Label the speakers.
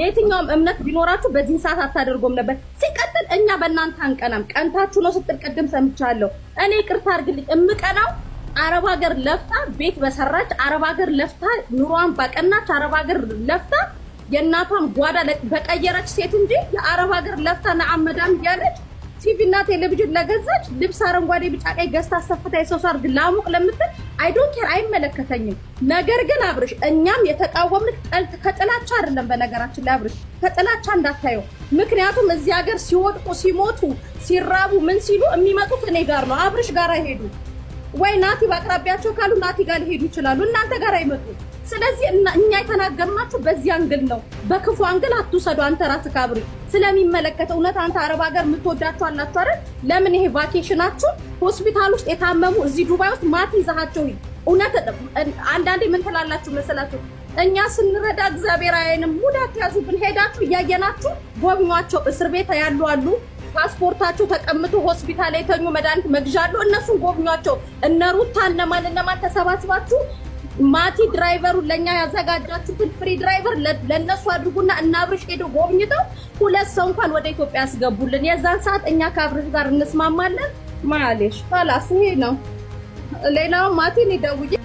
Speaker 1: ለየትኛውም እምነት ቢኖራችሁ በዚህን ሰዓት አታደርጎም ነበር። ሲቀጥል እኛ በእናንተ አንቀናም። ቀንታችሁ ነው ስትል ቅድም ሰምቻለሁ። እኔ ቅርታ አድርግልኝ፣ እምቀናው አረብ ሀገር ለፍታ ቤት በሰራች አረብ ሀገር ለፍታ ኑሯን በቀናች አረብ ሀገር ለፍታ የእናቷን ጓዳ በቀየረች ሴት እንጂ የአረብ ሀገር ለፍታ ነአመዳም እያለች ቲቪ እና ቴሌቪዥን ለገዛች ልብስ አረንጓዴ፣ ቢጫ፣ ቀይ ገዝታ ሰፍታ የሰው ሳርግ ላሙቅ ለምትል አይ ዶንት ኬር አይመለከተኝም። ነገር ግን አብርሽ እኛም የተቃወምን ከጥላቻ አይደለም። በነገራችን ላይ አብርሽ ከጥላቻ እንዳታየው፣ ምክንያቱም እዚህ ሀገር ሲወድቁ ሲሞቱ ሲራቡ ምን ሲሉ የሚመጡት እኔ ጋር ነው፣ አብርሽ ጋር አይሄዱ ወይ ናቲ በአቅራቢያቸው ካሉ ናቲ ጋር ሊሄዱ ይችላሉ፣ እናንተ ጋር አይመጡ። ስለዚህ እኛ የተናገርናችሁ በዚህ አንግል ነው፣ በክፉ አንግል አትውሰዱ። አንተ ራስህ ካብሪ ስለሚመለከት እውነት አንተ አረብ ሀገር የምትወዳችሁ አላችሁ አይደል? ለምን ይሄ ቫኬሽናችሁ ሆስፒታል ውስጥ የታመሙ እዚህ ዱባይ ውስጥ ማት ይዛሃቸው። እውነት አንዳንዴ ምን ትላላችሁ መሰላችሁ? እኛ ስንረዳ እግዚአብሔር አይንም ሙዳት ያዙብን። ሄዳችሁ እያየናችሁ ጎብኟቸው። እስር ቤት ያሉ አሉ ፓስፖርታቸው ተቀምቶ ሆስፒታል የተኙ መድኃኒት መግዣ አሉ። እነሱን ጎብኟቸው። እነሩታ ሩታ እነማን እነማን ተሰባስባችሁ ማቲ ድራይቨሩን ለእኛ ያዘጋጃችሁትን ፍሪ ድራይቨር ለእነሱ አድርጉና እናብርሽ ሄዶ ጎብኝተው ሁለት ሰው እንኳን ወደ ኢትዮጵያ ያስገቡልን። የዛን ሰዓት እኛ ከአብርሽ ጋር እንስማማለን። ማለሽ ኋላስ ይሄ ነው። ሌላው ማቲን ይደውዬ